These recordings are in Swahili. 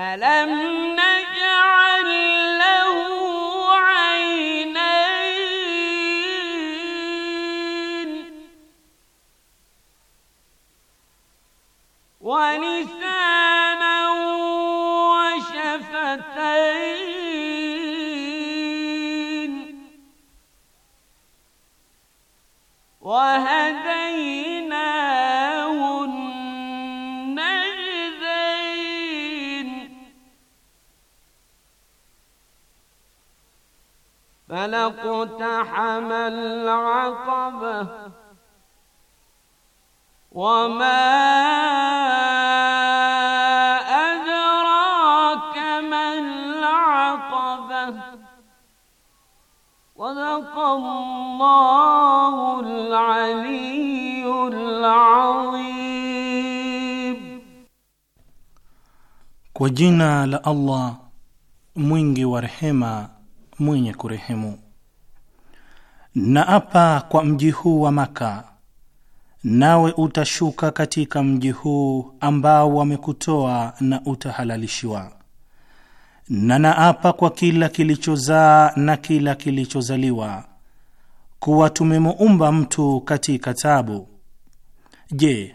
ألم نجعل له عينين ولسانا وشفتين وهل Kwa jina la Allah mwingi wa rehema, mwenye kurehemu. Na apa kwa mji huu wa Maka, nawe utashuka katika mji huu ambao wamekutoa na utahalalishiwa. Na naapa kwa kila kilichozaa na kila kilichozaliwa kuwa tumemuumba mtu katika tabu. Je,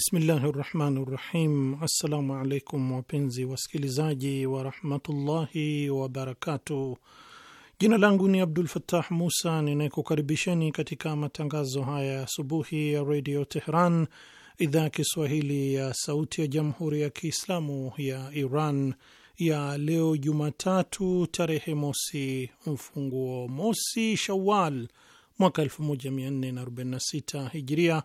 Bismillahi rahmani rahim. Assalamu alaikum wapenzi wasikilizaji warahmatullahi wabarakatuh. Jina langu ni Abdul Fattah Musa ninayekukaribisheni katika matangazo haya ya asubuhi ya Redio Tehran, idhaa ya Kiswahili ya sauti ya jamhuri ya Kiislamu ya Iran ya leo Jumatatu tarehe mosi mfunguo mosi Shawal mwaka 1446 Hijria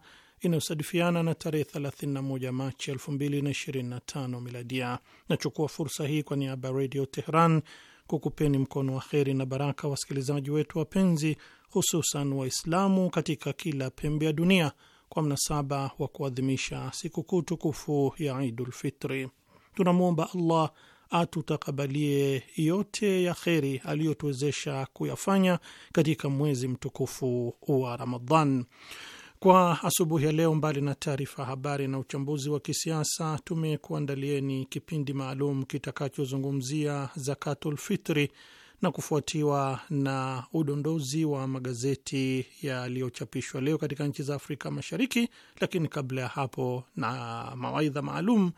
inayosadifiana na tarehe 31 Machi 2025 miladia. Nachukua fursa hii kwa niaba ya Redio Teheran kukupeni mkono wa kheri na baraka wasikilizaji wetu wapenzi, hususan Waislamu katika kila pembe ya dunia kwa mnasaba wa kuadhimisha sikukuu tukufu ya Idulfitri. Tunamwomba Allah atutakabalie yote ya kheri aliyotuwezesha kuyafanya katika mwezi mtukufu wa ramadan kwa asubuhi ya leo, mbali na taarifa habari na uchambuzi wa kisiasa, tumekuandalieni kipindi maalum kitakachozungumzia zakatul fitri na kufuatiwa na udondozi wa magazeti yaliyochapishwa leo katika nchi za Afrika Mashariki, lakini kabla ya hapo na mawaidha maalum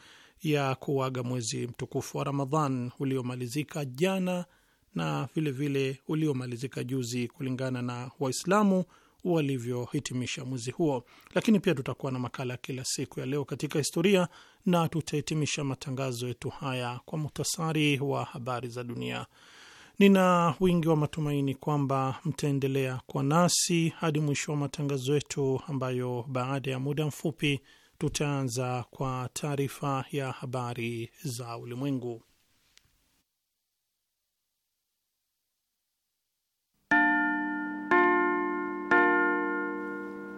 ya kuaga mwezi mtukufu wa Ramadhan uliomalizika jana na vilevile uliomalizika juzi kulingana na Waislamu walivyohitimisha mwezi huo. Lakini pia tutakuwa na makala ya kila siku ya leo katika historia na tutahitimisha matangazo yetu haya kwa muhtasari wa habari za dunia. Nina wingi wa matumaini kwamba mtaendelea kwa nasi hadi mwisho wa matangazo yetu, ambayo baada ya muda mfupi tutaanza kwa taarifa ya habari za ulimwengu.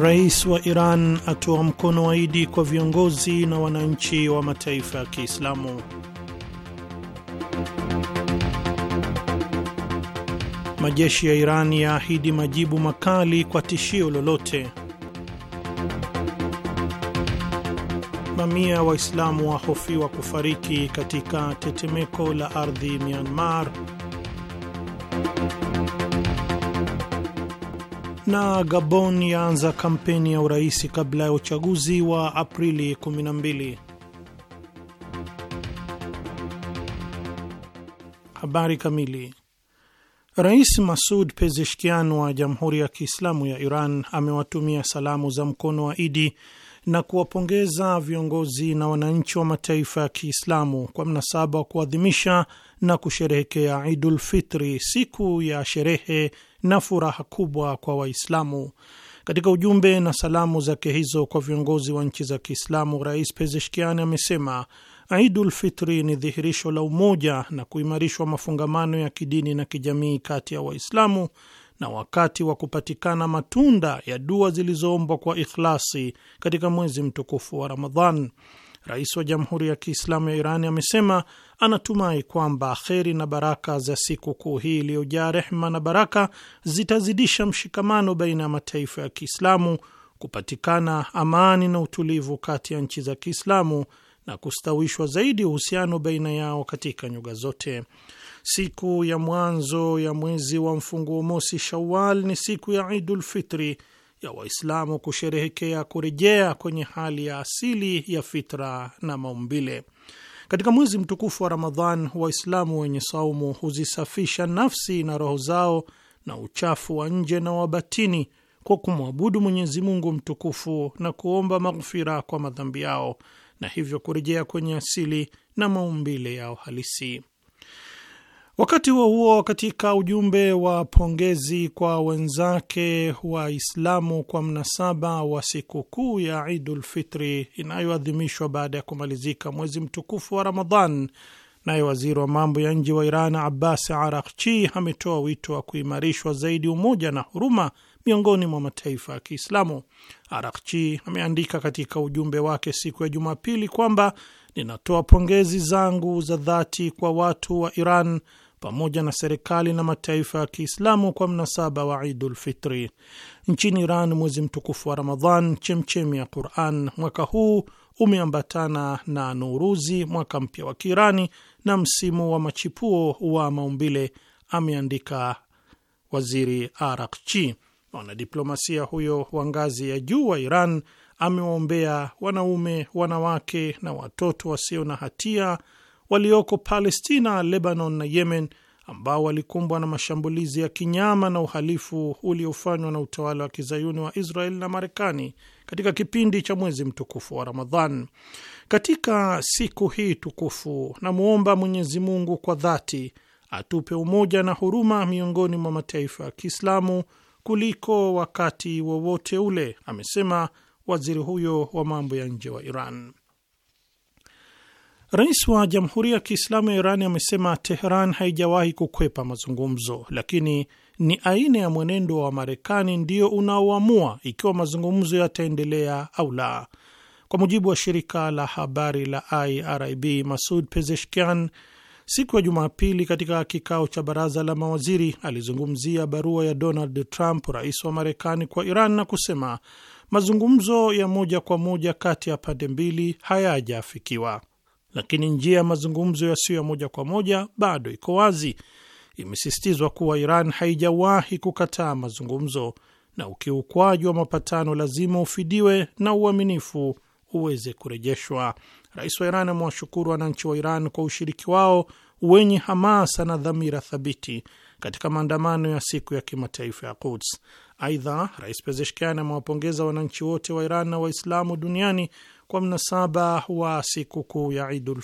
Rais wa Iran atoa mkono waidi kwa viongozi na wananchi wa mataifa ya Kiislamu. Majeshi ya Iran yaahidi majibu makali kwa tishio lolote. Mamia Waislamu wahofiwa kufariki katika tetemeko la ardhi Myanmar. Na Gabon yaanza kampeni ya urais kabla ya uchaguzi wa Aprili 12. Habari kamili. Rais Masud Pezeshkian wa Jamhuri ya Kiislamu ya Iran amewatumia salamu za mkono wa Idi na kuwapongeza viongozi na wananchi wa mataifa ya Kiislamu kwa mnasaba wa kuadhimisha na kusherehekea Idul Fitri, siku ya sherehe na furaha kubwa kwa Waislamu. Katika ujumbe na salamu zake hizo kwa viongozi wa nchi za Kiislamu, Rais Pezeshkian amesema Idul Fitri ni dhihirisho la umoja na kuimarishwa mafungamano ya kidini na kijamii kati ya Waislamu na wakati wa kupatikana matunda ya dua zilizoombwa kwa ikhlasi katika mwezi mtukufu wa Ramadhan. Rais wa Jamhuri ya Kiislamu ya Iran amesema anatumai kwamba kheri na baraka za sikukuu hii iliyojaa rehma na baraka zitazidisha mshikamano baina ya mataifa ya Kiislamu, kupatikana amani na utulivu kati ya nchi za Kiislamu na kustawishwa zaidi uhusiano baina yao katika nyuga zote. Siku ya mwanzo ya mwezi wa mfunguo mosi Shawal ni siku ya Idulfitri ya Waislamu kusherehekea kurejea kwenye hali ya asili ya fitra na maumbile. Katika mwezi mtukufu wa Ramadhan, Waislamu wenye saumu huzisafisha nafsi na roho zao na uchafu wa nje na wabatini kwa kumwabudu Mwenyezi Mungu mtukufu na kuomba maghfira kwa madhambi yao na hivyo kurejea kwenye asili na maumbile yao halisi. Wakati huo huo, katika ujumbe wa pongezi kwa wenzake Waislamu kwa mnasaba wa sikukuu ya idulfitri inayoadhimishwa baada ya kumalizika mwezi mtukufu wa Ramadhan, naye waziri wa mambo ya nje wa Iran Abbas arakchi ametoa wito wa kuimarishwa zaidi umoja na huruma miongoni mwa mataifa ya Kiislamu. arakchi ameandika katika ujumbe wake siku ya Jumapili kwamba ninatoa pongezi zangu za dhati kwa watu wa Iran pamoja na serikali na mataifa ya Kiislamu kwa mnasaba wa Idul Fitri nchini Iran, mwezi mtukufu wa Ramadhan, chemchemi ya Quran. Mwaka huu umeambatana na Nuruzi, mwaka mpya wa Kiirani, na msimu wa machipuo wa maumbile, ameandika Waziri Arakchi. Mwanadiplomasia huyo wa ngazi ya juu wa Iran amewaombea wanaume, wanawake na watoto wasio na hatia walioko Palestina, Lebanon na Yemen, ambao walikumbwa na mashambulizi ya kinyama na uhalifu uliofanywa na utawala wa kizayuni wa Israel na Marekani katika kipindi cha mwezi mtukufu wa Ramadhan. Katika siku hii tukufu, namwomba Mwenyezi Mungu kwa dhati atupe umoja na huruma miongoni mwa mataifa ya Kiislamu kuliko wakati wowote ule, amesema waziri huyo wa mambo ya nje wa Iran. Rais wa Jamhuri ya Kiislamu ya Iran amesema Tehran haijawahi kukwepa mazungumzo, lakini ni aina ya mwenendo wa Marekani ndio unaoamua ikiwa mazungumzo yataendelea au la. Kwa mujibu wa shirika la habari la IRIB, Masud Pezeshkian siku ya Jumapili katika kikao cha baraza la mawaziri alizungumzia barua ya Donald Trump, rais wa Marekani kwa Iran, na kusema mazungumzo ya moja kwa moja kati ya pande mbili hayajafikiwa lakini njia ya mazungumzo yasiyo ya moja kwa moja bado iko wazi. Imesisitizwa kuwa Iran haijawahi kukataa mazungumzo na ukiukwaji wa mapatano lazima ufidiwe na uaminifu uweze kurejeshwa. Rais wa Iran amewashukuru wananchi wa Iran kwa ushiriki wao wenye hamasa na dhamira thabiti katika maandamano ya siku ya kimataifa ya Quds. Aidha, Rais Pezeshkian amewapongeza wananchi wote wa Iran na Waislamu duniani kwa mnasaba wa sikukuu ya Idul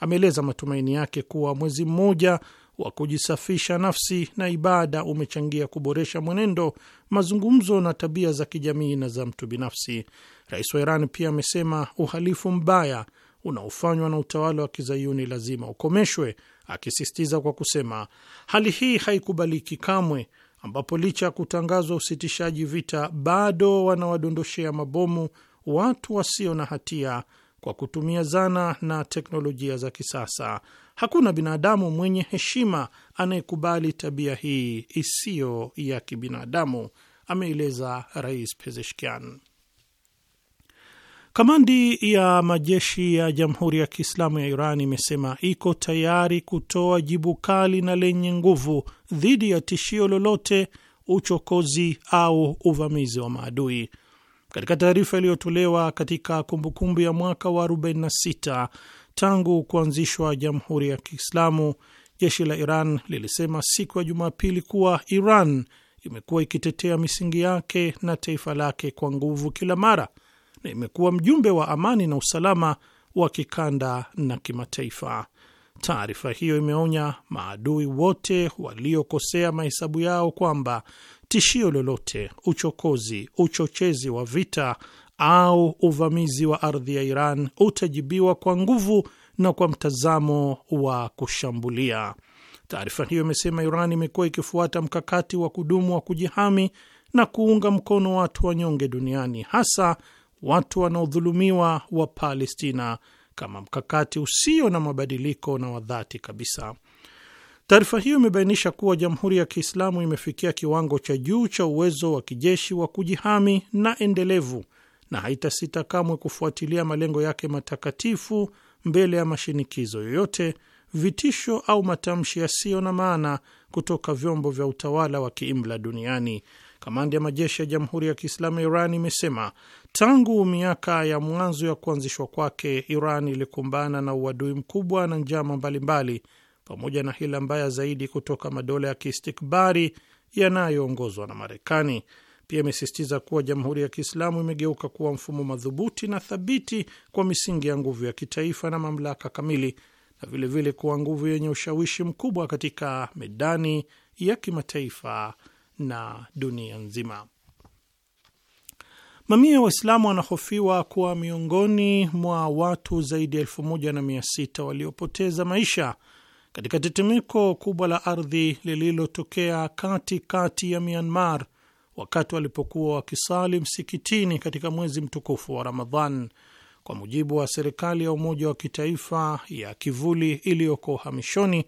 Ameeleza matumaini yake kuwa mwezi mmoja wa kujisafisha nafsi na ibada umechangia kuboresha mwenendo, mazungumzo na tabia za kijamii na za mtu binafsi. Rais wa Iran pia amesema uhalifu mbaya unaofanywa na utawala wa kizayuni lazima ukomeshwe, akisisitiza kwa kusema, hali hii haikubaliki kamwe, ambapo licha ya kutangazwa usitishaji vita bado wanawadondoshea mabomu watu wasio na hatia kwa kutumia zana na teknolojia za kisasa. Hakuna binadamu mwenye heshima anayekubali tabia hii isiyo ya kibinadamu, ameeleza Rais Pezeshkian. Kamandi ya majeshi ya Jamhuri ya Kiislamu ya Iran imesema iko tayari kutoa jibu kali na lenye nguvu dhidi ya tishio lolote, uchokozi au uvamizi wa maadui. Katika taarifa iliyotolewa katika kumbukumbu ya mwaka wa 46 tangu kuanzishwa Jamhuri ya Kiislamu, jeshi la Iran lilisema siku ya Jumapili kuwa Iran imekuwa ikitetea misingi yake na taifa lake kwa nguvu kila mara na imekuwa mjumbe wa amani na usalama wa kikanda na kimataifa. Taarifa hiyo imeonya maadui wote waliokosea mahesabu yao kwamba tishio lolote, uchokozi, uchochezi wa vita au uvamizi wa ardhi ya Iran utajibiwa kwa nguvu na kwa mtazamo wa kushambulia. Taarifa hiyo imesema Iran imekuwa ikifuata mkakati wa kudumu wa kujihami na kuunga mkono watu wanyonge duniani, hasa watu wanaodhulumiwa wa Palestina, kama mkakati usio na mabadiliko na wa dhati kabisa. Taarifa hiyo imebainisha kuwa Jamhuri ya Kiislamu imefikia kiwango cha juu cha uwezo wa kijeshi wa kujihami na endelevu na haitasita kamwe kufuatilia malengo yake matakatifu mbele ya mashinikizo yoyote, vitisho au matamshi yasiyo na maana kutoka vyombo vya utawala wa kiimla duniani. Kamanda ya majeshi ya Jamhuri ya Kiislamu ya Iran imesema tangu miaka ya mwanzo ya kuanzishwa kwake, Iran ilikumbana na uadui mkubwa na njama mbalimbali pamoja na hila mbaya zaidi kutoka madola ya kiistikbari yanayoongozwa na Marekani. Pia imesisitiza kuwa Jamhuri ya Kiislamu imegeuka kuwa mfumo madhubuti na thabiti kwa misingi ya nguvu ya kitaifa na mamlaka kamili, na vilevile vile kuwa nguvu yenye ushawishi mkubwa katika medani ya kimataifa na dunia nzima. Mamia ya Waislamu wanahofiwa kuwa miongoni mwa watu zaidi ya elfu moja na mia sita waliopoteza maisha katika tetemeko kubwa la ardhi lililotokea katikati ya Myanmar wakati walipokuwa wakisali msikitini katika mwezi mtukufu wa Ramadhan, kwa mujibu wa serikali ya Umoja wa Kitaifa ya Kivuli iliyoko uhamishoni.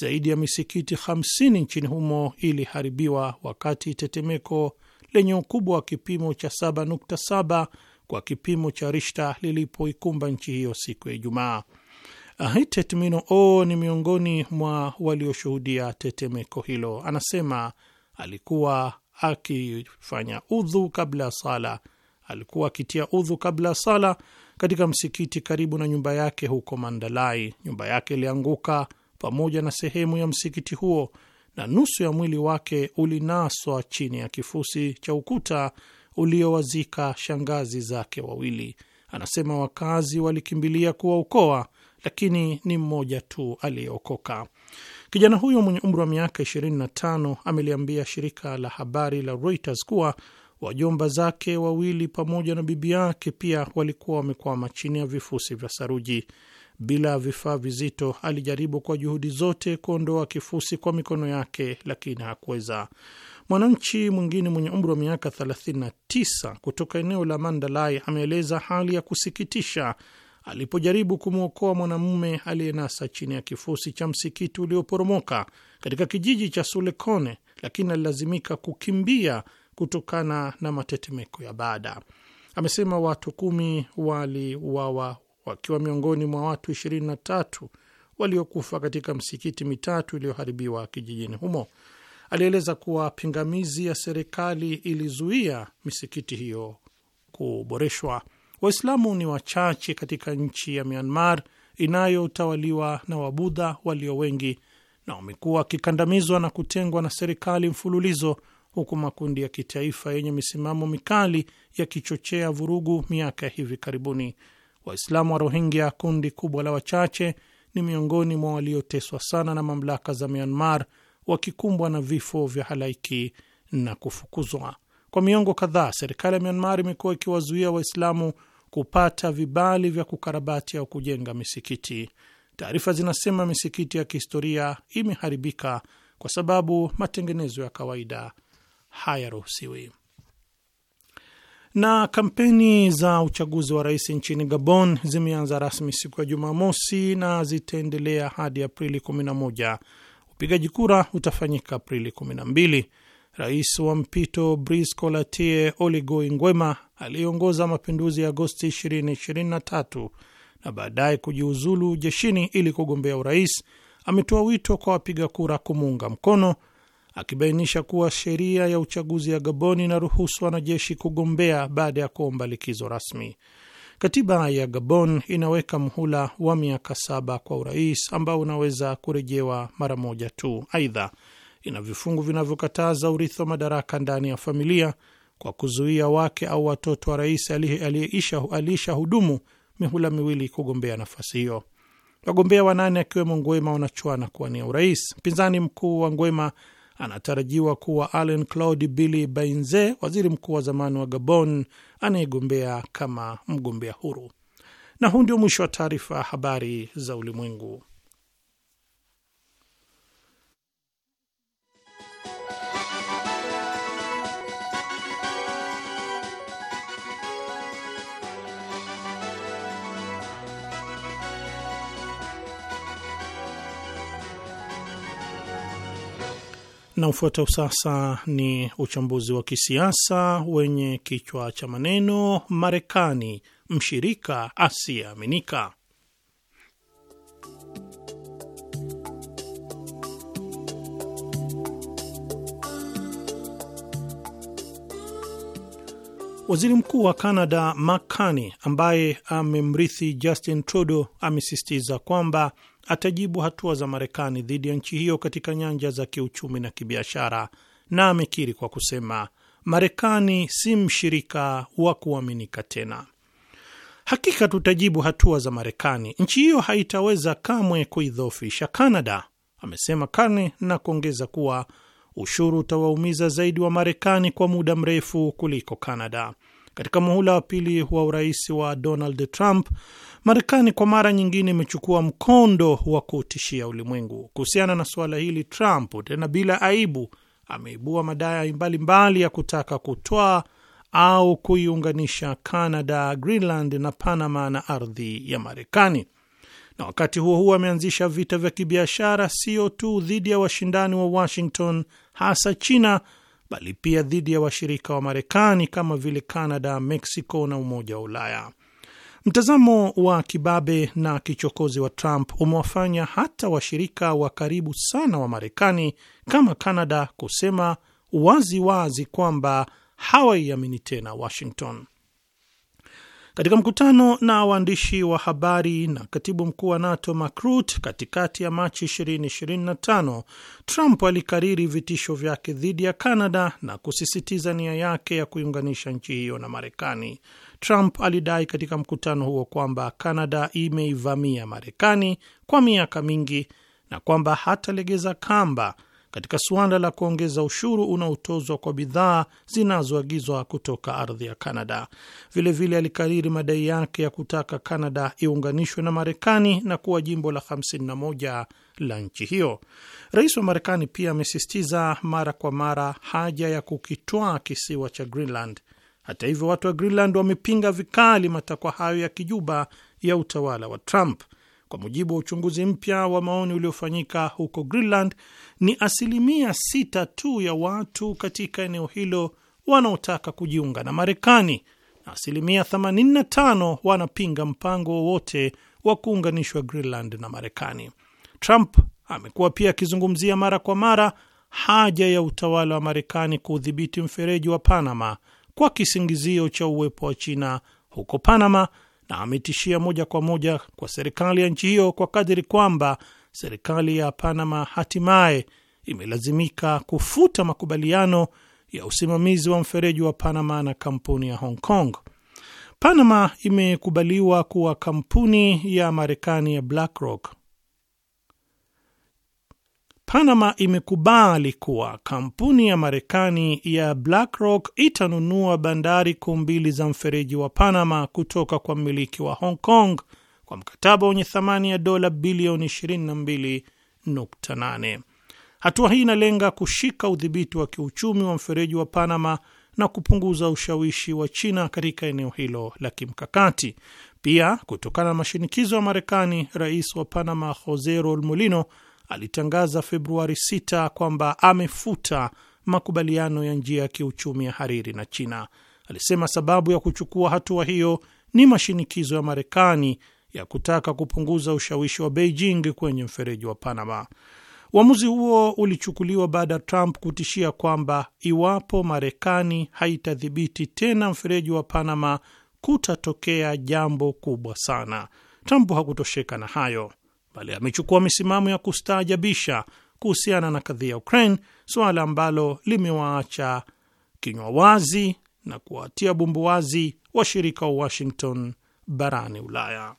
Zaidi ya misikiti 50 nchini humo iliharibiwa wakati tetemeko lenye ukubwa wa kipimo cha 7.7 kwa kipimo cha rishta lilipoikumba nchi hiyo siku ya Ijumaa. Hitet O oh, ni miongoni mwa walioshuhudia tetemeko hilo. Anasema alikuwa akifanya udhu kabla ya sala, alikuwa akitia udhu kabla ya sala katika msikiti karibu na nyumba yake huko Mandalai. Nyumba yake ilianguka pamoja na sehemu ya msikiti huo na nusu ya mwili wake ulinaswa chini ya kifusi cha ukuta uliowazika shangazi zake wawili. Anasema wakazi walikimbilia kuwaokoa, lakini ni mmoja tu aliyeokoka. Kijana huyo mwenye umri wa miaka 25 ameliambia shirika la habari la Reuters kuwa wajomba zake wawili pamoja na bibi yake pia walikuwa wamekwama chini ya vifusi vya saruji bila vifaa vizito. Alijaribu kwa juhudi zote kuondoa kifusi kwa mikono yake, lakini hakuweza. Mwananchi mwingine mwenye umri wa miaka 39 kutoka eneo la Mandalay ameeleza hali ya kusikitisha alipojaribu kumwokoa mwanamume aliyenasa chini ya kifusi cha msikiti ulioporomoka katika kijiji cha Sulekone, lakini alilazimika kukimbia kutokana na matetemeko ya baada. Amesema watu kumi waliuawa wakiwa miongoni mwa watu 23 waliokufa katika msikiti mitatu iliyoharibiwa kijijini humo. Alieleza kuwa pingamizi ya serikali ilizuia misikiti hiyo kuboreshwa. Waislamu ni wachache katika nchi ya Myanmar inayotawaliwa na Wabudha walio wengi na wamekuwa wakikandamizwa na kutengwa na serikali mfululizo, huku makundi ya kitaifa yenye misimamo mikali yakichochea vurugu miaka ya hivi karibuni. Waislamu wa Rohingya, kundi kubwa la wachache, ni miongoni mwa walioteswa sana na mamlaka za Myanmar, wakikumbwa na vifo vya halaiki na kufukuzwa. Kwa miongo kadhaa, serikali ya Myanmar imekuwa ikiwazuia Waislamu kupata vibali vya kukarabati au kujenga misikiti. Taarifa zinasema misikiti ya kihistoria imeharibika kwa sababu matengenezo ya kawaida hayaruhusiwi. Na kampeni za uchaguzi wa rais nchini Gabon zimeanza rasmi siku ya Jumamosi na zitaendelea hadi Aprili 11. Upigaji kura utafanyika Aprili 12. Rais wa mpito Brice Colatie Oligui Nguema aliyeongoza mapinduzi ya Agosti 2023 na baadaye kujiuzulu jeshini ili kugombea urais, ametoa wito kwa wapiga kura kumuunga mkono, akibainisha kuwa sheria ya uchaguzi ya Gabon inaruhusu wanajeshi kugombea baada ya kuomba likizo rasmi. Katiba ya Gabon inaweka mhula wa miaka saba kwa urais ambao unaweza kurejewa mara moja tu. Aidha, ina vifungu vinavyokataza urithi wa madaraka ndani ya familia kwa kuzuia wake au watoto wa rais aliyeisha hudumu mihula miwili kugombea nafasi hiyo. Wagombea wanane akiwemo Ngwema wanachuana kuwania urais. Mpinzani mkuu wa Ngwema anatarajiwa kuwa Alain Claude Billy Bainze, waziri mkuu wa zamani wa Gabon anayegombea kama mgombea huru. Na huu ndio mwisho wa taarifa ya habari za ulimwengu. Na ufuatao sasa ni uchambuzi wa kisiasa wenye kichwa cha maneno Marekani mshirika asiyeaminika. Waziri Mkuu wa canada Mark Carney ambaye amemrithi Justin Trudeau amesisitiza kwamba atajibu hatua za Marekani dhidi ya nchi hiyo katika nyanja za kiuchumi na kibiashara, na amekiri kwa kusema Marekani si mshirika wa kuaminika tena. Hakika tutajibu hatua za Marekani, nchi hiyo haitaweza kamwe kuidhofisha Kanada, amesema Carney na kuongeza kuwa ushuru utawaumiza zaidi wa Marekani kwa muda mrefu kuliko Kanada. Katika muhula wa pili wa urais wa Donald Trump, Marekani kwa mara nyingine imechukua mkondo wa kutishia ulimwengu. Kuhusiana na suala hili, Trump tena bila aibu ameibua madai mbalimbali ya kutaka kutoa au kuiunganisha Canada, Greenland na Panama na ardhi ya Marekani, na wakati huo huo ameanzisha vita vya kibiashara sio tu dhidi ya washindani wa Washington, hasa China, bali pia dhidi ya washirika wa Marekani kama vile canada mexico na Umoja wa Ulaya. Mtazamo wa kibabe na kichokozi wa Trump umewafanya hata washirika wa karibu sana wa Marekani kama canada kusema wazi wazi kwamba hawaiamini tena Washington. Katika mkutano na waandishi wa habari na katibu mkuu wa NATO Mark Rutte katikati ya Machi 2025, Trump alikariri vitisho vyake dhidi ya Canada na kusisitiza nia yake ya kuiunganisha nchi hiyo na Marekani. Trump alidai katika mkutano huo kwamba Canada imeivamia Marekani kwa miaka mingi na kwamba hatalegeza kamba katika suala la kuongeza ushuru unaotozwa kwa bidhaa zinazoagizwa kutoka ardhi ya Kanada. Vilevile alikariri madai yake ya kutaka Kanada iunganishwe na Marekani na kuwa jimbo la 51 la nchi hiyo. Rais wa Marekani pia amesisitiza mara kwa mara haja ya kukitwaa kisiwa cha Greenland. Hata hivyo, watu wa Greenland wamepinga vikali matakwa hayo ya kijuba ya utawala wa Trump. Kwa mujibu wa uchunguzi mpya wa maoni uliofanyika huko Greenland, ni asilimia sita tu ya watu katika eneo hilo wanaotaka kujiunga na Marekani na asilimia 85 wanapinga mpango wowote wa kuunganishwa Greenland na Marekani. Trump amekuwa pia akizungumzia mara kwa mara haja ya utawala wa Marekani kuudhibiti mfereji wa Panama kwa kisingizio cha uwepo wa China huko Panama na ametishia moja kwa moja kwa serikali ya nchi hiyo kwa kadiri kwamba serikali ya Panama hatimaye imelazimika kufuta makubaliano ya usimamizi wa mfereji wa Panama na kampuni ya Hong Kong. Panama imekubaliwa kuwa kampuni ya Marekani ya BlackRock Panama imekubali kuwa kampuni ya Marekani ya BlackRock itanunua bandari kuu mbili za mfereji wa Panama kutoka kwa mmiliki wa Hong Kong kwa mkataba wenye thamani ya dola bilioni 22.8. Hatua hii inalenga kushika udhibiti wa kiuchumi wa mfereji wa Panama na kupunguza ushawishi wa China katika eneo hilo la kimkakati. Pia, kutokana na mashinikizo ya Marekani, rais wa Panama Jose Mulino alitangaza Februari 6 kwamba amefuta makubaliano ya njia ya kiuchumi ya Hariri na China. Alisema sababu ya kuchukua hatua hiyo ni mashinikizo ya Marekani ya kutaka kupunguza ushawishi wa Beijing kwenye mfereji wa Panama. Uamuzi huo ulichukuliwa baada ya Trump kutishia kwamba iwapo Marekani haitadhibiti tena mfereji wa Panama kutatokea jambo kubwa sana. Trump hakutosheka na hayo pale amechukua misimamo ya kustaajabisha kuhusiana na kadhia ya Ukraine, suala ambalo limewaacha kinywa wazi na kuwatia bumbu wazi washirika wa Washington barani Ulaya.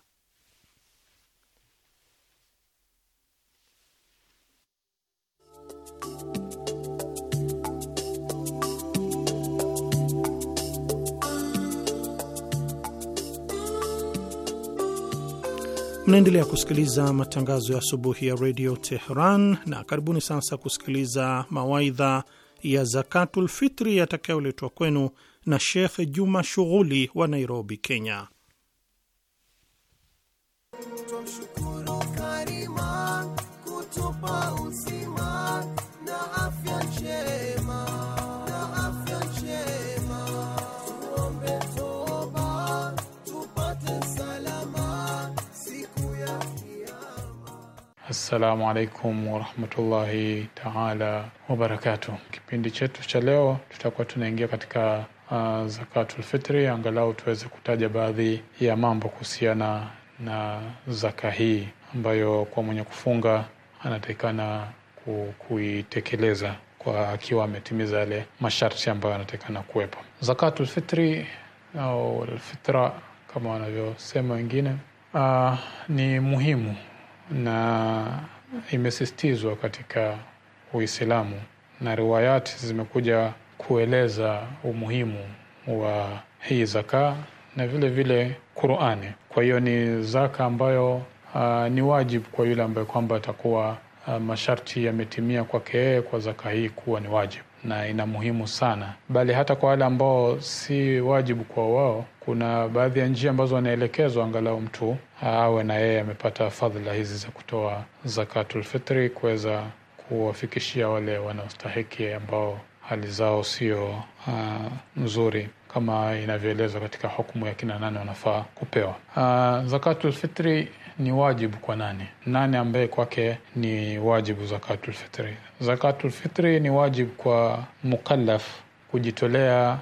Mnaendelea kusikiliza matangazo ya asubuhi ya redio Teheran, na karibuni sasa kusikiliza mawaidha ya zakatulfitri yatakayoletwa kwenu na Shekh Juma Shughuli wa Nairobi, Kenya. Assalamu alaikum warahmatullahi taala wabarakatuh. Kipindi chetu cha leo tutakuwa tunaingia katika uh, zakatul angalau tuweze kutaja baadhi ya mambo kuhusiana na zaka hii ambayo kwa mwenye kufunga anatakikana kuitekeleza kwa akiwa ametimiza yale masharti ambayo anatakikana kuwepo. zakatulfitri au lfitra kama wanavyosema wengine, uh, ni muhimu na imesisitizwa katika Uislamu na riwayati zimekuja kueleza umuhimu wa hii zaka na vile vile Qurani. Kwa hiyo ni zaka ambayo uh, ni wajibu kwa yule ambaye kwamba atakuwa ah, masharti yametimia kwake kwa zaka hii kuwa ni wajibu na ina muhimu sana, bali hata kwa wale ambao si wajibu kwa wao, kuna baadhi ya njia ambazo wanaelekezwa angalau mtu awe na yeye amepata fadhila hizi za kutoa zakatulfitri kuweza kuwafikishia wale wanaostahiki ambao hali zao sio uh, nzuri kama inavyoelezwa katika hukumu ya kina nane wanafaa kupewa uh, ah, zakatulfitri ni wajibu kwa nani? Nani ambaye kwake ni wajibu zakatulfitri? Zakatulfitri ni wajibu kwa mukallaf kujitolea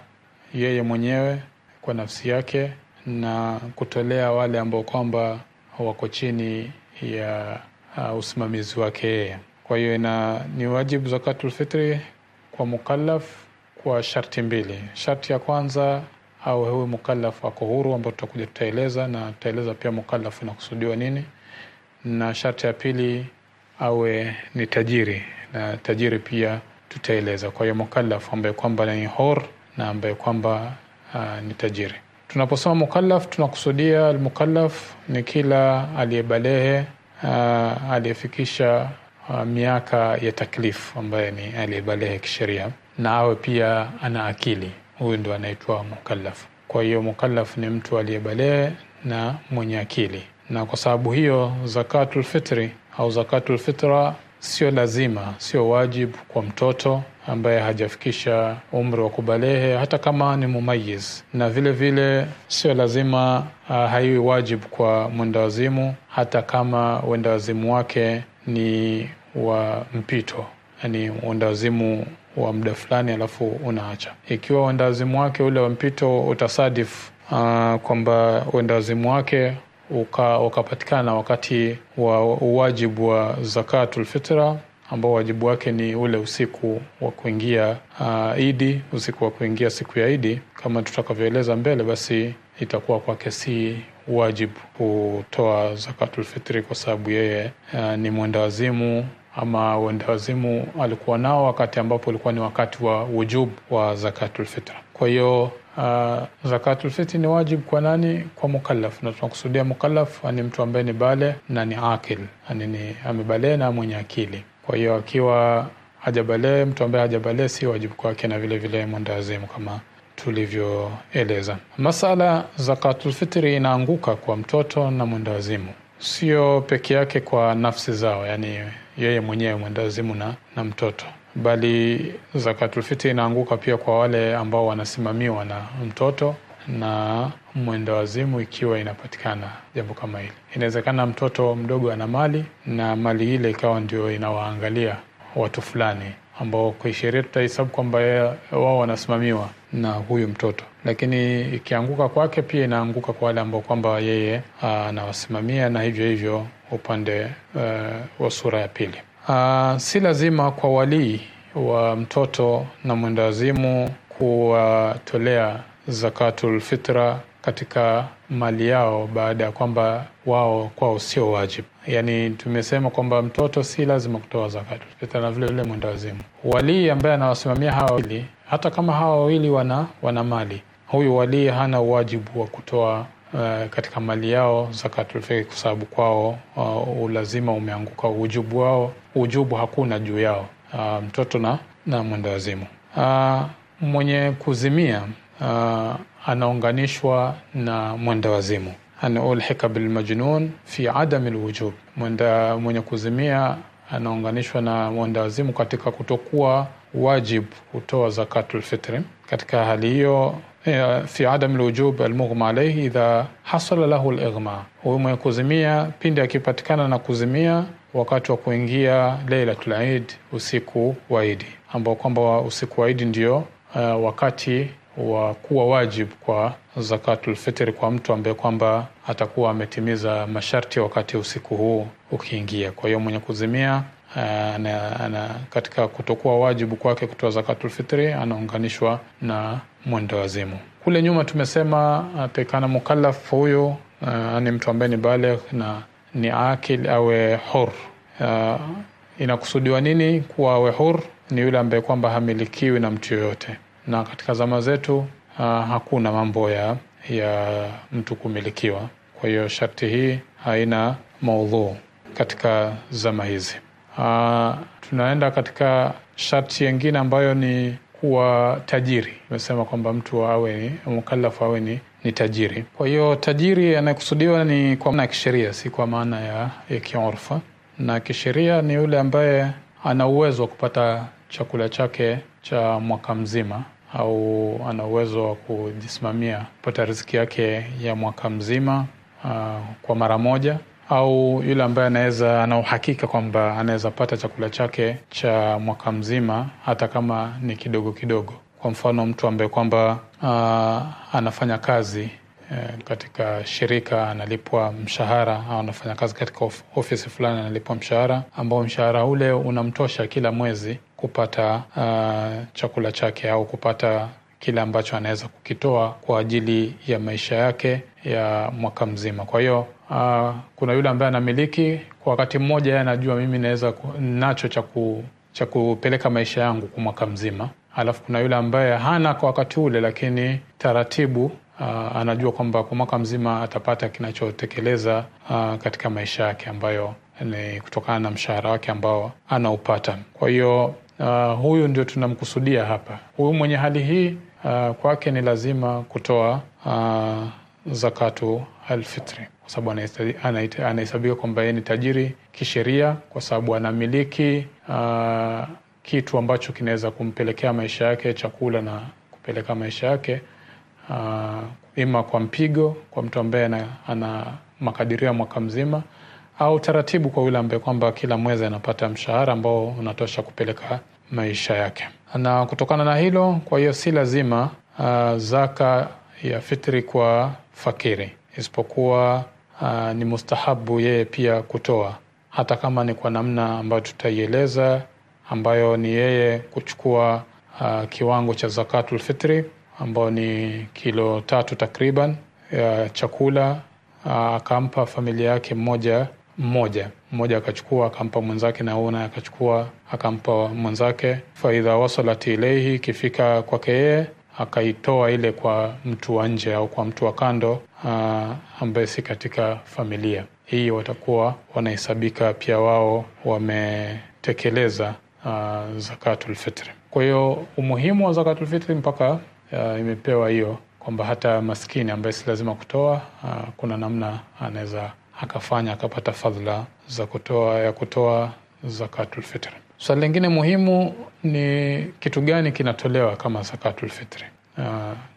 yeye mwenyewe kwa nafsi yake na kutolea wale ambao kwamba wako chini ya uh, usimamizi wake yeye. Kwa hiyo ina ni wajibu zakatulfitri kwa mukallaf kwa sharti mbili. Sharti ya kwanza au huyu mukallaf ako huru, ambao tutakuja tutaeleza, na tutaeleza pia mukallaf inakusudiwa nini, na sharti ya pili awe ni tajiri, na tajiri pia tutaeleza. Kwa hiyo mukallaf ambaye kwamba ni hor na ambaye kwamba uh, ni tajiri. Tunaposema mukallaf, tunakusudia almukallaf ni kila aliyebalehe, uh, aliyefikisha uh, miaka ya taklifu, ambaye ni aliyebalehe kisheria na awe pia ana akili huyu ndo anaitwa mukallaf. Kwa hiyo mukallaf ni mtu aliyebalehe na mwenye akili, na kwa sababu hiyo zakatulfitri au zakatulfitra sio lazima, sio wajib kwa mtoto ambaye hajafikisha umri wa kubalehe, hata kama ni mumayiz, na vile vile sio lazima uh, haiwi wajib kwa mwendawazimu, hata kama wendawazimu wake ni wa mpito, yani mwendawazimu wa muda fulani alafu unaacha ikiwa uendawazimu wake ule wa mpito utasadif uh, kwamba uendawazimu wake ukapatikana uka wakati wa uwajibu wa zakatulfitra ambao wajibu wake ni ule usiku wa kuingia uh, idi usiku wa kuingia siku ya idi kama tutakavyoeleza mbele basi itakuwa kwake si wajibu kutoa zakatulfitri kwa sababu yeye uh, ni mwendawazimu ama wendawazimu alikuwa nao wakati ambapo ulikuwa ni wakati wa wujub wa zakatulfitra. Kwa hiyo uh, zakatulfitri ni wajibu kwa nani? Kwa mukallaf, na tunakusudia mukallaf ni mtu ambaye ni bale na ni akil, ni amebalee na mwenye akili. Kwa hiyo akiwa hajabalee, mtu ambaye hajabalee si wajibu kwake, na vilevile vile mwendawazimu kama tulivyoeleza. Masala zakatulfitri inaanguka kwa mtoto na mwendawazimu, sio peke yake kwa nafsi zao, yani yeye mwenyewe mwendazimu na, na mtoto bali zakatulfiti inaanguka pia kwa wale ambao wanasimamiwa na mtoto na mwenda wazimu ikiwa inapatikana jambo kama hili. Inawezekana mtoto mdogo ana mali na mali ile ikawa ndio inawaangalia watu fulani ambao kisheria tutahisabu tutahesabu kwamba wao wanasimamiwa na huyu mtoto, lakini ikianguka kwake pia inaanguka kwa wale ambao kwamba yeye anawasimamia na hivyo hivyo upande uh, wa sura ya pili. Uh, si lazima kwa walii wa mtoto na mwendawazimu kuwatolea zakatul fitra katika mali yao baada ya kwamba wao kwao sio wajibu. Yani, tumesema kwamba mtoto si lazima kutoa zakatul fitra na vile vile mwendawazimu. Walii ambaye anawasimamia hawa wawili, hata kama hawa wawili wana, wana mali, huyu walii hana uwajibu wa kutoa uh, katika mali yao zakatul kwa sababu kwao uh, ulazima umeanguka, ujubu wao ujubu hakuna juu yao, uh, mtoto na, na mwenda wazimu. Uh, mwenye kuzimia uh, anaunganishwa na mwenda wazimu an ulhika bilmajnun fi adami lwujub, mwenda mwenye kuzimia anaunganishwa na mwenda wazimu katika kutokuwa wajib kutoa zakatul fitri. Katika hali hiyo Eh, fi عadamu lwujub almughma alaihi idha hasala lahu lighma, huyu mwenye kuzimia pindi akipatikana na kuzimia wakati wa kuingia leilatul Eid, usiku wa Idi, ambao kwamba usiku wa Idi ndio uh, wakati wa kuwa wajib kwa zakatul fitri kwa mtu ambaye kwamba atakuwa ametimiza masharti wakati usiku huu ukiingia. Kwa hiyo mwenye kuzimia ana, ana, katika kutokuwa wajibu kwake kutoa zakatulfitri anaunganishwa na mwendo wazimu. Kule nyuma tumesema pekana uh, mukallaf uh, ni mtu ambaye ni baligh na ni akil awe hur. Uh, inakusudiwa nini kuwa awe hur? Ni yule ambaye kwamba hamilikiwi na mtu yoyote, na katika zama zetu uh, hakuna mambo ya, ya mtu kumilikiwa. Kwa hiyo sharti hii haina maudhuu katika zama hizi. Uh, tunaenda katika sharti yengine ambayo ni kuwa tajiri. Imesema kwamba mtu awe ni mukalafu awe ni ni tajiri. Kwa hiyo tajiri anayekusudiwa ni kwa maana ya kisheria, si kwa maana ya, ya kiorfa. Na kisheria ni yule ambaye ana uwezo wa kupata chakula chake cha mwaka mzima au ana uwezo wa kujisimamia kupata riziki yake ya mwaka mzima uh, kwa mara moja au yule ambaye anaweza ana uhakika kwamba anaweza pata chakula chake cha mwaka mzima hata kama ni kidogo kidogo. Kwa mfano mtu ambaye kwamba uh, anafanya kazi eh, katika shirika analipwa mshahara au anafanya kazi katika of, ofisi fulani analipwa mshahara ambao mshahara ule unamtosha kila mwezi kupata uh, chakula chake au kupata kile ambacho anaweza kukitoa kwa ajili ya maisha yake ya mwaka mzima. Kwa hiyo uh, kuna yule ambaye anamiliki kwa wakati mmoja, yeye anajua mimi naweza nacho cha cha kupeleka maisha yangu kwa mwaka mzima, alafu kuna yule ambaye hana kwa wakati ule, lakini taratibu uh, anajua kwamba kwa mwaka mzima atapata kinachotekeleza uh, katika maisha yake ambayo ni kutokana na mshahara wake ambao anaupata. Kwa hiyo uh, huyu ndio tunamkusudia hapa. Huyu mwenye hali hii uh, kwake ni lazima kutoa uh, zakatu alfitri kwa sababu anahesabika kwamba yeye ni tajiri kisheria, kwa sababu anamiliki uh, kitu ambacho kinaweza kumpelekea maisha yake chakula na kupeleka maisha yake uh, ima kwa mpigo kwa mtu ambaye ana, ana makadirio ya mwaka mzima au taratibu kwa yule ambaye kwamba kila mwezi anapata mshahara ambao unatosha kupeleka maisha yake. Na kutokana na hilo, kwa hiyo si lazima uh, zaka ya fitri kwa fakiri, isipokuwa uh, ni mustahabu yeye pia kutoa, hata kama ni kwa namna ambayo tutaieleza, ambayo ni yeye kuchukua uh, kiwango cha zakatul fitri ni kilo tatu takriban ya chakula ah, akampa familia yake mmoja mmoja mmoja, akachukua akampa mwenzake, na huyu akachukua akampa mwenzake. faidha wasalat ilaihi, ikifika kwake yeye akaitoa ile kwa mtu wa nje au kwa mtu wa kando ah, ambaye si katika familia hii, watakuwa wanahesabika pia wao wametekeleza ah, zakatulfitri Kwa hiyo umuhimu wa zakatulfitri mpaka a, ah, imepewa hiyo kwamba hata maskini ambaye si lazima kutoa a, kuna namna anaweza akafanya akapata fadhila za kutoa ya kutoa zakatulfitri Swali so, lingine muhimu ni kitu gani kinatolewa kama zakatul fitri uh,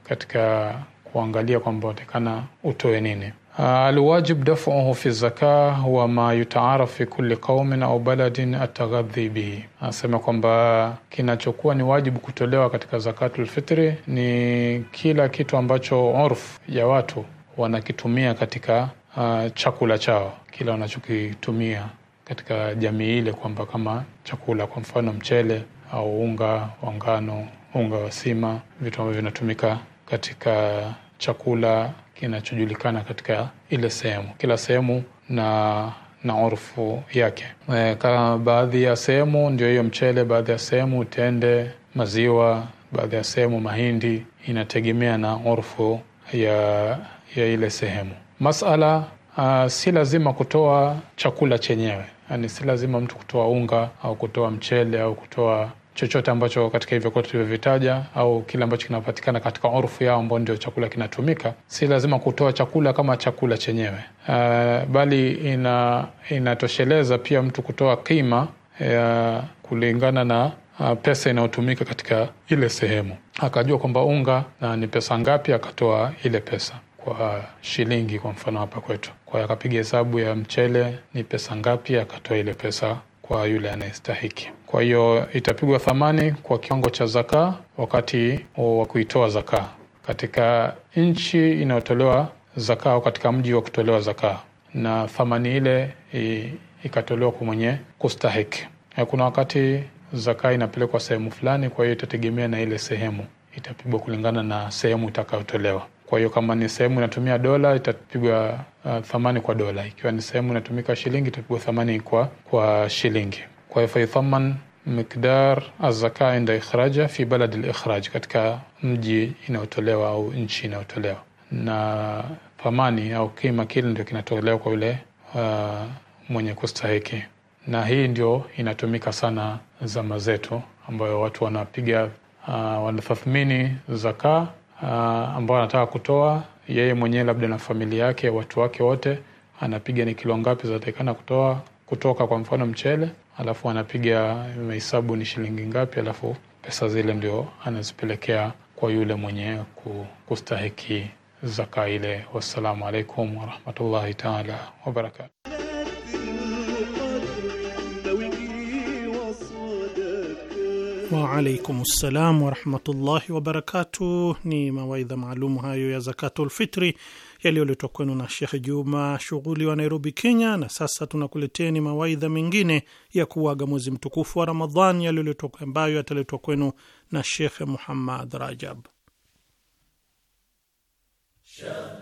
katika kuangalia kwamba utakana utoe nini. Uh, alwajib dafuhu fi zaka wa ma yutaaraf fi kulli qaumin au baladin ataghadhi bihi, anasema kwamba kinachokuwa ni wajibu kutolewa katika zakatul fitri ni kila kitu ambacho urf ya watu wanakitumia katika uh, chakula chao, kila wanachokitumia katika jamii ile, kwamba kama chakula, kwa mfano mchele au unga wa ngano, unga wa sima, vitu ambavyo vinatumika katika chakula kinachojulikana katika ile sehemu. Kila sehemu na na orfu yake. E, kama baadhi ya sehemu ndio hiyo mchele, baadhi ya sehemu tende, maziwa, baadhi ya sehemu mahindi. Inategemea na orfu ya, ya ile sehemu. Masala a, si lazima kutoa chakula chenyewe Yani si lazima mtu kutoa unga au kutoa mchele au kutoa chochote ambacho katika hivyo kote tulivyovitaja au kile ambacho kinapatikana katika urfu yao ambao ndio chakula kinatumika, si lazima kutoa chakula kama chakula chenyewe. Uh, bali ina inatosheleza pia mtu kutoa kima ya uh, kulingana na uh, pesa inayotumika katika ile sehemu, akajua kwamba unga na ni pesa ngapi, akatoa ile pesa kwa shilingi, kwa mfano hapa kwetu. Kwa hiyo akapiga hesabu ya mchele ni pesa ngapi, akatoa ile pesa kwa yule anayestahiki. Kwa hiyo itapigwa thamani kwa kiwango cha zakaa wakati wa kuitoa zakaa katika nchi inayotolewa zakaa au katika mji wa kutolewa zakaa, na thamani ile ikatolewa kwa mwenye kustahiki. Kuna wakati zaka inapelekwa sehemu fulani, kwa hiyo itategemea na ile sehemu, itapigwa kulingana na sehemu itakayotolewa. Kwa hiyo kama ni sehemu inatumia dola itapigwa uh, thamani kwa dola, ikiwa ni sehemu inatumika shilingi itapigwa thamani kwa, kwa shilingi. Kwa hiyo faithaman miqdar azaka inda ikhraja fi balad likhraj, katika mji inayotolewa au nchi inayotolewa, na thamani au kima kile ndio kinatolewa kwa yule uh, mwenye kustahiki, na hii ndio inatumika sana zama zetu, ambayo watu wanapiga uh, wanatathmini zaka uh, ah, ambao anataka kutoa yeye mwenyewe labda na familia yake watu wake wote anapiga ni kilo ngapi zinatakikana kutoa kutoka kwa mfano mchele alafu anapiga mahesabu ni shilingi ngapi alafu pesa zile ndio anazipelekea kwa yule mwenye kustahiki zaka ile wassalamu alaikum warahmatullahi taala wabarakatu Waalaikum ssalam warahmatullahi wabarakatu Ni mawaidha maalum hayo ya zakatu lfitri yaliyoletwa kwenu na Shekh Juma Shughuli wa Nairobi, Kenya. Na sasa tunakuleteni mawaidha mengine ya kuaga mwezi mtukufu wa Ramadhan yaliyoletwa ambayo yataletwa kwenu na Shekh Muhammad Rajab Shah,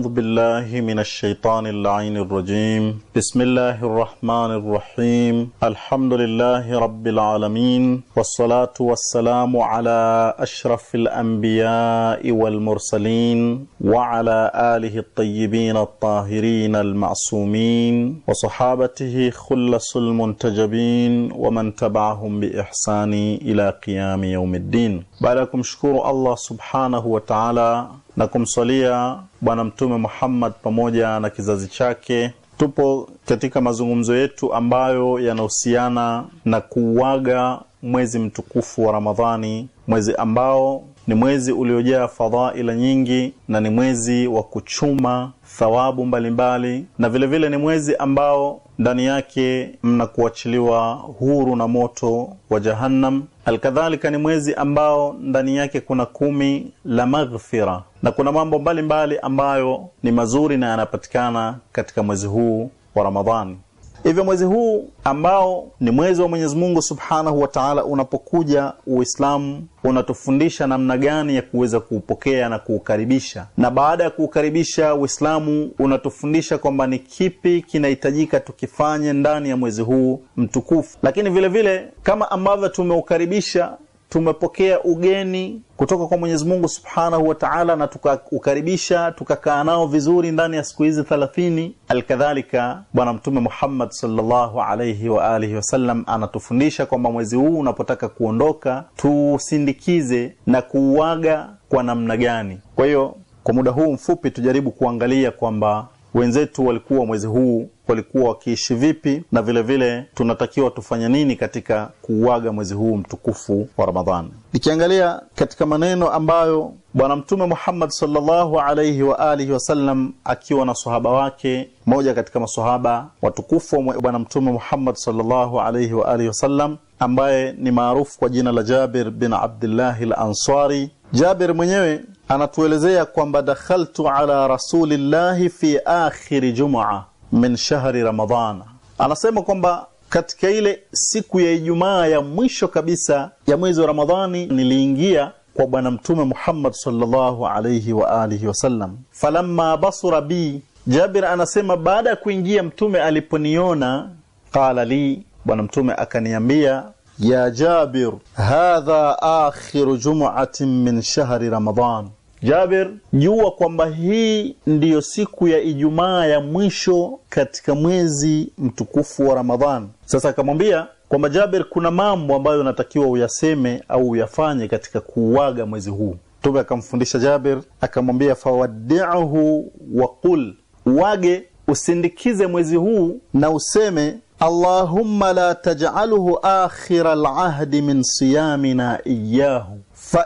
أعوذ بالله من الشيطان اللعين الرجيم بسم الله الرحمن الرحيم الحمد لله رب العالمين والصلاة والسلام على أشرف الأنبياء والمرسلين وعلى آله الطيبين الطاهرين المعصومين وصحابته خلص المنتجبين ومن تبعهم بإحسان إلى قيام يوم الدين بعدكم شكور الله سبحانه وتعالى na kumswalia Bwana Mtume Muhammad pamoja na kizazi chake. Tupo katika mazungumzo yetu ambayo yanahusiana na kuuaga mwezi mtukufu wa Ramadhani, mwezi ambao ni mwezi uliojaa fadhaila nyingi na ni mwezi wa kuchuma thawabu mbalimbali mbali, na vilevile vile ni mwezi ambao ndani yake mnakuachiliwa huru na moto wa Jahannam. Alkadhalika ni mwezi ambao ndani yake kuna kumi la maghfira, na kuna mambo mbalimbali mbali ambayo ni mazuri na yanapatikana katika mwezi huu wa Ramadhani. Hivyo mwezi huu ambao ni mwezi wa Mwenyezi Mungu Subhanahu wa Ta'ala, unapokuja Uislamu unatufundisha namna gani ya kuweza kuupokea na kuukaribisha, na baada ya kuukaribisha Uislamu unatufundisha kwamba ni kipi kinahitajika tukifanye ndani ya mwezi huu mtukufu, lakini vile vile kama ambavyo tumeukaribisha tumepokea ugeni kutoka kwa Mwenyezi Mungu Subhanahu wa Ta'ala, na tukaukaribisha tukakaa nao vizuri ndani ya siku hizi 30. Alkadhalika, Bwana Mtume Muhammad sallallahu alayhi wa alihi wasallam anatufundisha kwamba mwezi huu unapotaka kuondoka tusindikize na kuuaga kwa namna gani. Kwa hiyo kwa muda huu mfupi tujaribu kuangalia kwamba wenzetu walikuwa mwezi huu walikuwa wakiishi vipi, na vile vile tunatakiwa tufanye nini katika kuuaga mwezi huu mtukufu wa Ramadhani. Nikiangalia katika maneno ambayo Bwana Mtume Muhammad sallallahu alaihi wa alihi wasallam akiwa na sahaba wake, moja katika masahaba watukufu wa Bwana Mtume Muhammad sallallahu alaihi wa alihi wasallam ambaye ni maarufu kwa jina la Jabir bin Abdillahi al-Ansari. Jabir mwenyewe anatuelezea kwamba dakhaltu ala rasulillahi fi akhiri jumua min shahri ramadana, anasema kwamba katika ile siku ya Ijumaa ya mwisho kabisa ya mwezi wa Ramadhani niliingia kwa Bwana Mtume Muhammad sallallahu alayhi wa alihi wasallam. Falamma basura bi, Jabir anasema baada ya kuingia Mtume aliponiona, qala li, Bwana Mtume akaniambia, ya Jabir, hadha akhiru jumuatin min shahri ramadan jaber jua kwamba hii ndiyo siku ya Ijumaa ya mwisho katika mwezi mtukufu wa Ramadhan. Sasa akamwambia kwamba jaber kuna mambo ambayo unatakiwa uyaseme au uyafanye katika kuuaga mwezi huu. Mtume akamfundisha jaber akamwambia fawaddiuhu wa qul, uage usindikize mwezi huu na useme Allahumma la taj'alhu akhira alahdi min siyamina iyahu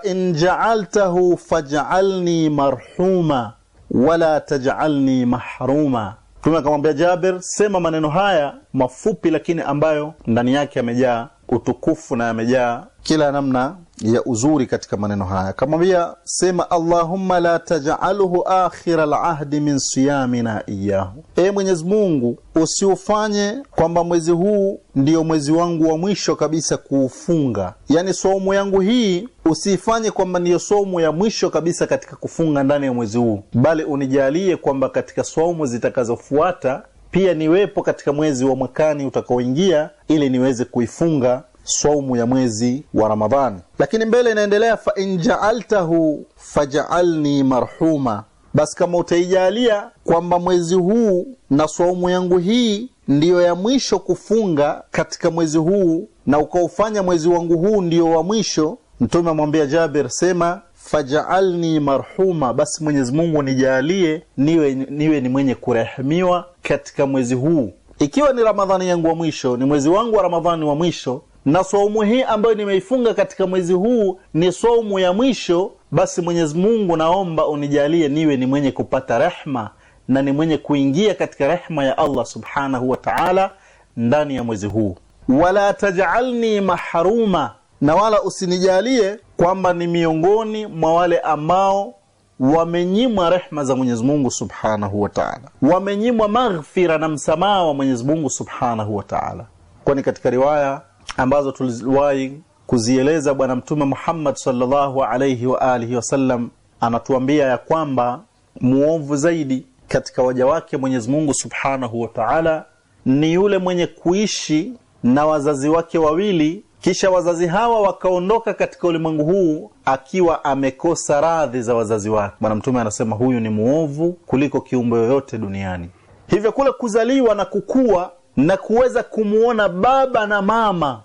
in jaaltahu fajalni marhuma wala tajalni mahruma mtume akamwambia jaber sema maneno haya mafupi lakini ambayo ndani yake yamejaa utukufu na yamejaa kila namna ya uzuri katika maneno haya akamwambia sema allahumma la tajaluhu akhira lahdi min siyamina iyahu e ee mwenyezi mungu usiufanye kwamba mwezi huu ndiyo mwezi wangu wa mwisho kabisa kuufunga yani somu yangu hii usiifanye kwamba ndiyo somu ya mwisho kabisa katika kufunga ndani ya mwezi huu bali unijalie kwamba katika somu zitakazofuata pia niwepo katika mwezi wa mwakani utakaoingia ili niweze kuifunga saumu ya mwezi wa Ramadhani. Lakini mbele inaendelea, fa in fajalni fajaalni marhuma, basi kama utaijalia kwamba mwezi huu na saumu yangu hii ndiyo ya mwisho kufunga katika mwezi huu na ukaufanya mwezi wangu huu ndiyo wa mwisho, Mtume amwambia Jabir, sema fajaalni marhuma, basi Mwenyezi Mungu nijalie niwe, niwe ni mwenye kurehemiwa katika mwezi huu, ikiwa ni Ramadhani yangu wa mwisho, ni mwezi wangu wa Ramadhani wa mwisho, na saumu hii ambayo nimeifunga katika mwezi huu ni saumu ya mwisho, basi Mwenyezi Mungu naomba unijalie niwe ni mwenye kupata rehma na ni mwenye kuingia katika rehma ya Allah subhanahu wa ta'ala ndani ya mwezi huu. Wala tajalni mahruma, na wala usinijalie kwamba ni miongoni mwa wale ambao wamenyimwa rehma za Mwenyezi Mungu subhanahu wa ta'ala, wamenyimwa maghfira na msamaha wa Mwenyezi Mungu subhanahu wa ta'ala, kwani katika riwaya ambazo tuliwahi kuzieleza bwana mtume Muhammad sallallahu alayhi wa alihi wasallam anatuambia ya kwamba muovu zaidi katika waja wake Mwenyezi Mungu Subhanahu wa Ta'ala ni yule mwenye kuishi na wazazi wake wawili kisha wazazi hawa wakaondoka katika ulimwengu huu akiwa amekosa radhi za wazazi wake. Bwana Mtume anasema huyu ni muovu kuliko kiumbe yoyote duniani. Hivyo kule kuzaliwa na kukua na kuweza kumwona baba na mama.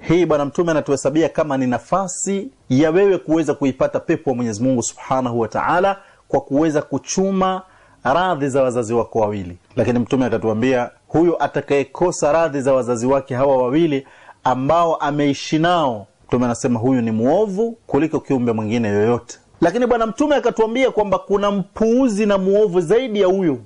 Hii Bwana Mtume anatuhesabia kama ni nafasi ya wewe kuweza kuipata pepo ya Mwenyezi Mungu subhanahu wa taala kwa kuweza kuchuma radhi za wazazi wako wawili. Lakini Mtume akatuambia huyo atakayekosa radhi za wazazi wake hawa wawili ambao ameishi nao, Mtume anasema huyu ni mwovu kuliko kiumbe mwingine yoyote. Lakini Bwana Mtume akatuambia kwamba kuna mpuuzi na mwovu zaidi ya huyu,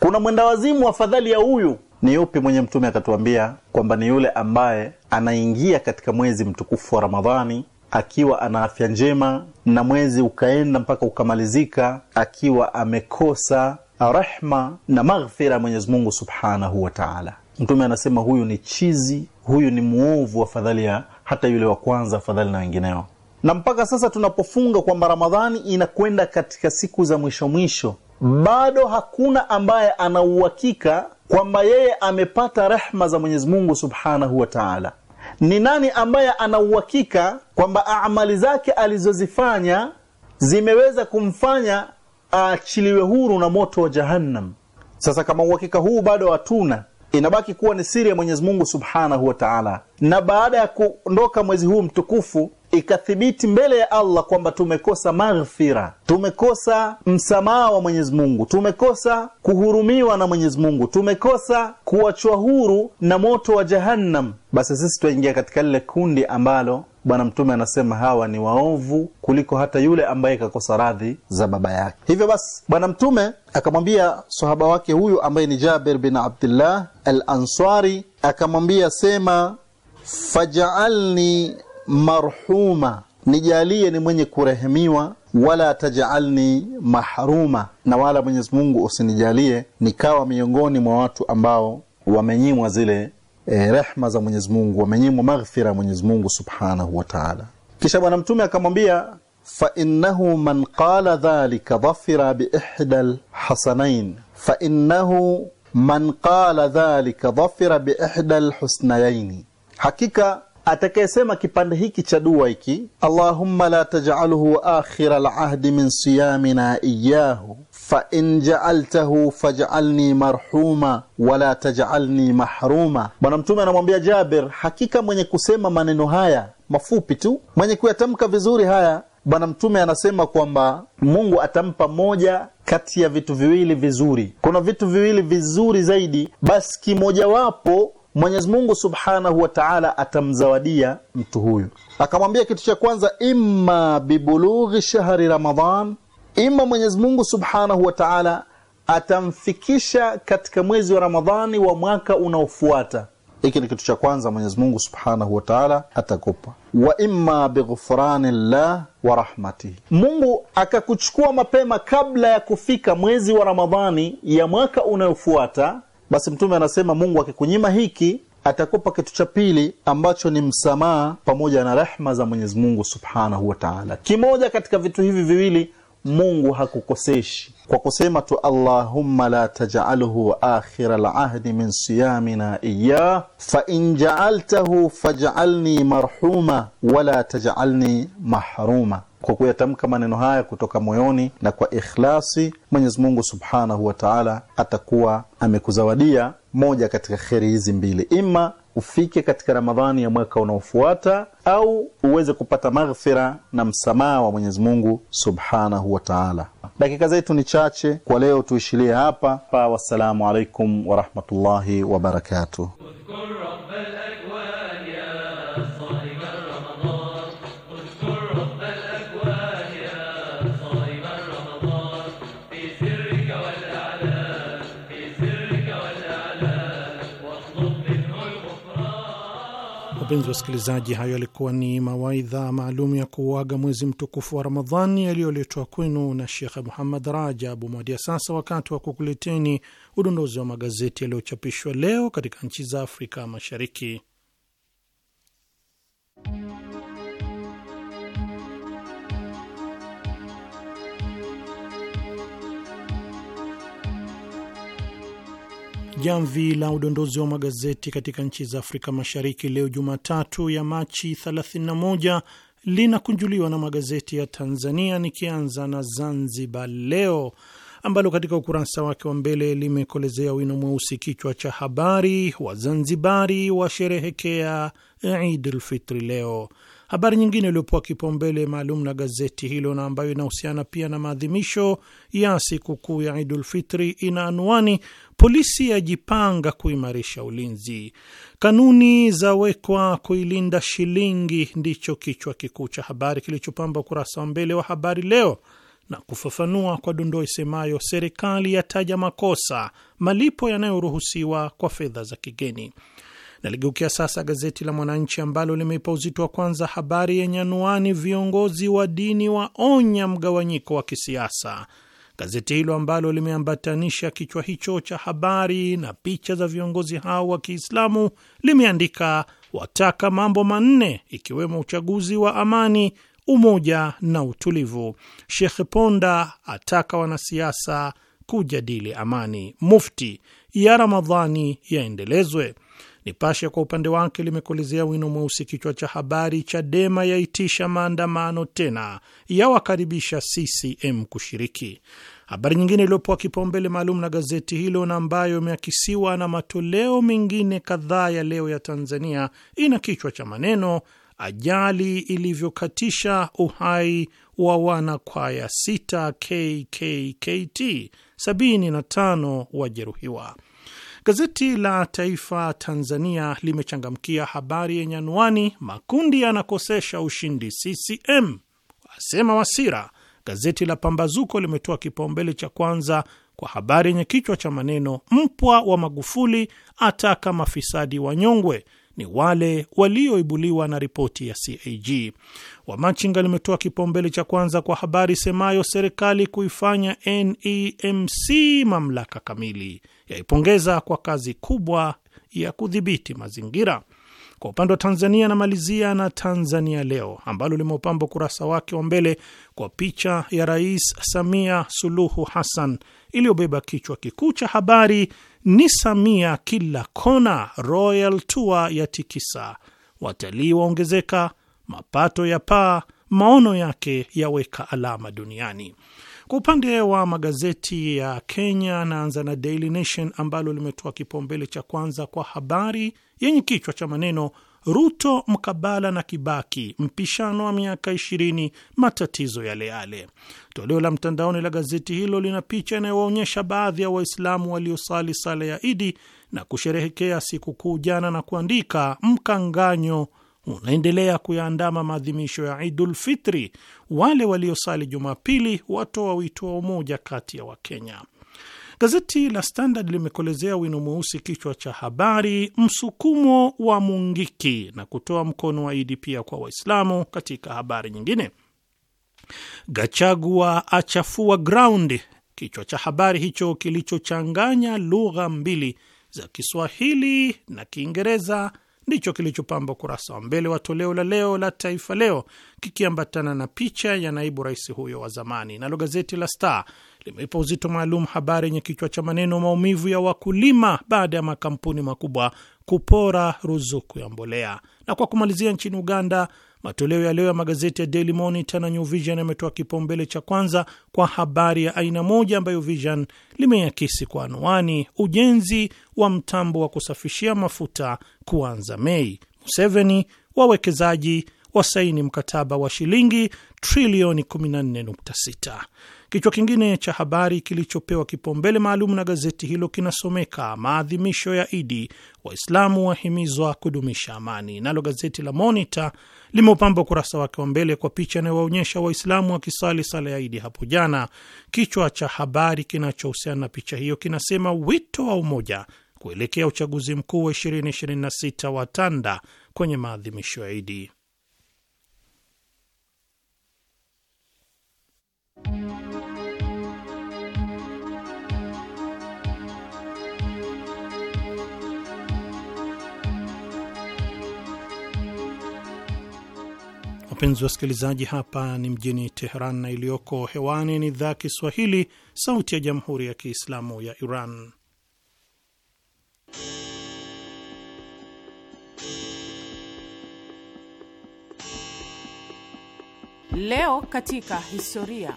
kuna mwendawazimu afadhali ya huyu ni yupi mwenye mtume akatuambia kwamba ni yule ambaye anaingia katika mwezi mtukufu wa ramadhani akiwa ana afya njema na mwezi ukaenda mpaka ukamalizika akiwa amekosa rehma na maghfira ya mwenyezimungu subhanahu wa taala mtume anasema huyu ni chizi huyu ni mwovu fadhali ya hata yule wa kwanza afadhali na wengineo na mpaka sasa tunapofunga kwamba ramadhani inakwenda katika siku za mwisho mwisho bado hakuna ambaye ana uhakika kwamba yeye amepata rehma za Mwenyezi Mungu Subhanahu wa Ta'ala. Ni nani ambaye ana uhakika kwamba amali zake alizozifanya zimeweza kumfanya aachiliwe huru na moto wa Jahannam? Sasa kama uhakika huu bado hatuna, inabaki kuwa ni siri ya Mwenyezi Mungu Subhanahu wa Ta'ala. Na baada ya kuondoka mwezi huu mtukufu ikathibiti mbele ya Allah kwamba tumekosa maghfira, tumekosa msamaha wa Mwenyezi Mungu, tumekosa kuhurumiwa na Mwenyezi Mungu, tumekosa kuachwa huru na moto wa Jahannam, basi sisi twaingia katika lile kundi ambalo Bwana Mtume anasema hawa ni waovu kuliko hata yule ambaye kakosa radhi za baba yake. Hivyo basi, Bwana Mtume akamwambia sahaba wake huyu ambaye ni Jabir bin Abdullah al-Ansari, akamwambia sema, faj'alni marhuma, nijalie ni mwenye kurehemiwa, wala tajalni mahruma, na wala Mwenyezi Mungu usinijalie nikawa miongoni mwa watu ambao wamenyimwa zile eh, rehma za Mwenyezi Mungu, wamenyimwa maghfira ya Mwenyezi Mungu subhanahu wa taala. Kisha Bwana Mtume akamwambia fainnahu man qala dhalika dhafira biihda lhasanain fainnahu man qala dhalika dhafira biihda lhusnayaini, hakika atakayesema kipande hiki cha dua hiki allahumma la taj'alhu akhira lahdi min siyamina iyahu fa in ja'altahu faj'alni marhuma wala taj'alni mahruma bwana mtume anamwambia jabir hakika mwenye kusema maneno haya mafupi tu mwenye kuyatamka vizuri haya bwana mtume anasema kwamba mungu atampa moja kati ya vitu viwili vizuri kuna vitu viwili vizuri zaidi basi kimojawapo Mwenyezi Mungu Subhanahu wa Ta'ala atamzawadia mtu huyu. Akamwambia kitu cha kwanza, imma bibulughi shahri Ramadhan, imma Mwenyezi Mungu Subhanahu wa Ta'ala atamfikisha katika mwezi wa Ramadhani wa mwaka unaofuata. Hiki ni kitu cha kwanza Mwenyezi Mungu Subhanahu wa Ta'ala atakupa. Wa imma bighufrani llah wa rahmatihi, Mungu akakuchukua mapema kabla ya kufika mwezi wa Ramadhani ya mwaka unaofuata basi mtume anasema mungu akikunyima hiki atakupa kitu cha pili ambacho ni msamaha pamoja na rehma za mwenyezi mungu subhanahu wataala kimoja katika vitu hivi viwili mungu hakukoseshi kwa kusema tu allahumma la tajalhu akhira lahdi min siyamina iyah fain jaaltahu fajalni marhuma wala tajalni mahruma kwa kuyatamka maneno haya kutoka moyoni na kwa ikhlasi, Mwenyezi Mungu subhanahu wa taala atakuwa amekuzawadia moja katika kheri hizi mbili, ima ufike katika Ramadhani ya mwaka unaofuata au uweze kupata maghfira na msamaha wa Mwenyezi Mungu subhanahu wa taala. Dakika zetu ni chache kwa leo, tuishilie hapa pa. Wassalamu alaikum warahmatullahi wabarakatuh. Wapenzi wasikilizaji, hayo yalikuwa ni mawaidha maalum ya kuuaga mwezi mtukufu wa Ramadhani yaliyoletwa kwenu na Shekhe Muhammad Rajabu Mwadia. Sasa wakati wa kukuleteni udondozi wa magazeti yaliyochapishwa leo katika nchi za Afrika Mashariki. Jamvi la udondozi wa magazeti katika nchi za Afrika Mashariki leo Jumatatu ya Machi 31 linakunjuliwa na magazeti ya Tanzania, nikianza na Zanzibar Leo ambalo katika ukurasa wake wa mbele limekolezea wino mweusi kichwa cha habari, Wazanzibari washerehekea Idul Fitri leo. Habari nyingine iliyopewa kipaumbele maalum na gazeti hilo na ambayo inahusiana pia na maadhimisho ya sikukuu ya Idul Fitri ina anwani polisi yajipanga kuimarisha ulinzi, kanuni zawekwa kuilinda shilingi, ndicho kichwa kikuu cha habari kilichopamba ukurasa wa mbele wa Habari Leo na kufafanua kwa dondoo isemayo serikali yataja makosa malipo yanayoruhusiwa kwa fedha za kigeni. Naligeukia sasa gazeti la Mwananchi ambalo limeipa uzito wa kwanza habari yenye anuani viongozi wa dini waonya mgawanyiko wa kisiasa. Gazeti hilo ambalo limeambatanisha kichwa hicho cha habari na picha za viongozi hao wa Kiislamu limeandika wataka mambo manne ikiwemo uchaguzi wa amani, umoja na utulivu. Sheikh Ponda ataka wanasiasa kujadili amani. Mufti ya Ramadhani yaendelezwe. Nipashe kwa upande wake limekolezea wino mweusi kichwa cha habari, Chadema yaitisha maandamano tena, yawakaribisha CCM kushiriki. Habari nyingine iliyopoa kipaumbele maalum na gazeti hilo na ambayo imeakisiwa na matoleo mengine kadhaa ya leo ya Tanzania ina kichwa cha maneno, ajali ilivyokatisha uhai wa wanakwaya sita KKKT, 75 wajeruhiwa. Gazeti la Taifa Tanzania limechangamkia habari yenye anwani makundi yanakosesha ushindi CCM, wasema Wasira. Gazeti la Pambazuko limetoa kipaumbele cha kwanza kwa habari yenye kichwa cha maneno mpwa wa Magufuli ataka mafisadi wanyongwe ni wale walioibuliwa na ripoti ya CAG. Wamachinga limetoa kipaumbele cha kwanza kwa habari semayo serikali kuifanya NEMC mamlaka kamili yaipongeza kwa kazi kubwa ya kudhibiti mazingira. Kwa upande wa Tanzania, namalizia na Tanzania Leo ambalo limeupamba ukurasa wake wa mbele kwa picha ya Rais Samia Suluhu Hassan iliyobeba kichwa kikuu cha habari ni Samia kila kona, Royal Tour ya tikisa, watalii waongezeka, mapato ya paa, maono yake yaweka alama duniani. Kwa upande wa magazeti ya Kenya, naanza na Daily Nation ambalo limetoa kipaumbele cha kwanza kwa habari yenye kichwa cha maneno Ruto mkabala na Kibaki, mpishano wa miaka ishirini, matatizo yale yale. Toleo la mtandaoni la gazeti hilo lina picha inayowaonyesha baadhi ya Waislamu waliosali sala ya Idi na kusherehekea sikukuu jana na kuandika mkanganyo unaendelea kuyaandama maadhimisho ya Idul Fitri. Wale waliosali Jumapili watoa wito wa umoja kati ya Wakenya. Gazeti la Standard limekolezea wino mweusi kichwa cha habari, msukumo wa Mungiki, na kutoa mkono wa Idi pia kwa Waislamu. Katika habari nyingine, Gachagua achafua ground, kichwa cha habari hicho kilichochanganya lugha mbili za Kiswahili na Kiingereza ndicho kilichopamba ukurasa wa mbele wa toleo la leo la Taifa Leo, kikiambatana na picha ya naibu rais huyo wa zamani. Nalo gazeti la Star limeipa uzito maalum habari yenye kichwa cha maneno maumivu ya wakulima baada ya makampuni makubwa kupora ruzuku ya mbolea. Na kwa kumalizia, nchini Uganda, Matoleo ya leo ya magazeti ya Daily Monitor na New Vision yametoa kipaumbele cha kwanza kwa habari ya aina moja ambayo Vision limeyakisi kwa anwani, ujenzi wa mtambo wa kusafishia mafuta kuanza Mei. Museveni, wawekezaji wasaini mkataba wa shilingi trilioni 14.6. Kichwa kingine cha habari kilichopewa kipaumbele maalum na gazeti hilo kinasomeka maadhimisho ya Idi, Waislamu wahimizwa kudumisha amani. Nalo gazeti la Monita limeupamba ukurasa wake wa mbele kwa picha inayowaonyesha Waislamu wakisali sala ya Idi hapo jana. Kichwa cha habari kinachohusiana na picha hiyo kinasema wito wa umoja kuelekea uchaguzi mkuu wa 2026 tanda kwenye maadhimisho ya Idi. Wapenzi wasikilizaji, hapa ni mjini Teheran na iliyoko hewani ni idhaa Kiswahili sauti ya jamhuri ya Kiislamu ya Iran. Leo katika historia